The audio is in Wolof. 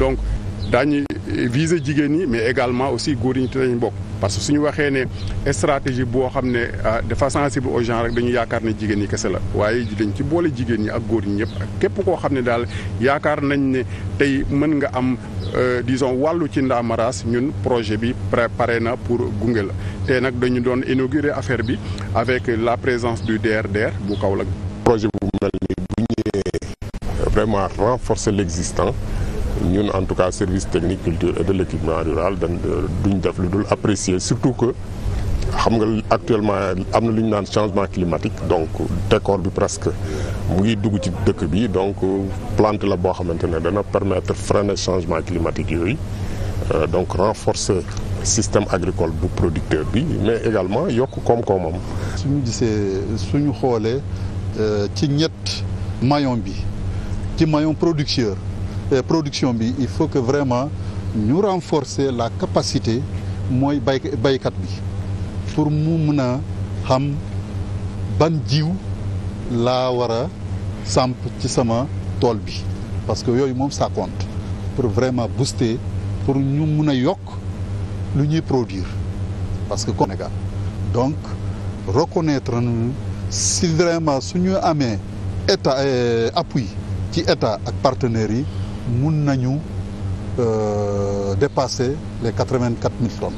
donc daañu viser jigéen ñi mais également aussi góor ñi ci lañ bokk parce que suñu waxee ne stratégie boo xam ne ah, dafa sensible au genre rek dañu yaakaar ne jigéen ñi kese la waaye ji dañ ci boole jigéen ñi ak góor ñi ñëpp ak képp koo xam ne daal yaakaar nañ ne tey mën nga am euh, disons wàllu ci ndaamaraas ñun projet bi préparé na pour gunge la te nag dañu doon inaugurer affaire bi avec la présence du DRDR bu la projet bu mel ni bu ñëwee vraiment renforcer l'existant ñun en tout cas service technique culture et de l'équipement rural dañ euh, duñ def lu dul apprécier surtout que xam nga actuellement am na lu ñu naan changement climatique donc décor bi presque mu ngi dugg ci dëkk bi donc plante la boo xamante ne dana permettre freiner changement climatique yooyu euh, donc renforcer système agricole bu producteur bi mais également yokk koom-koomam. suñu gisee suñu xoolee euh, ci ñett mayon bi ci maillon producteur. production bi il faut que vraiment ñu renforcer la capacité mooy bay baykat bi pour mu mën a xam ban jiw laa war a samp ci sama tool bi parce que yooyu moom ça compte pour vraiment booster pour ñu mun a yokk lu ñuy produire parce que Sénégal donc reconnaître nañu si vraiment suñu amee état euh, appui ci état ak partenaires yi mun nañu euh, dépasser les quatre-vingt-quatre mille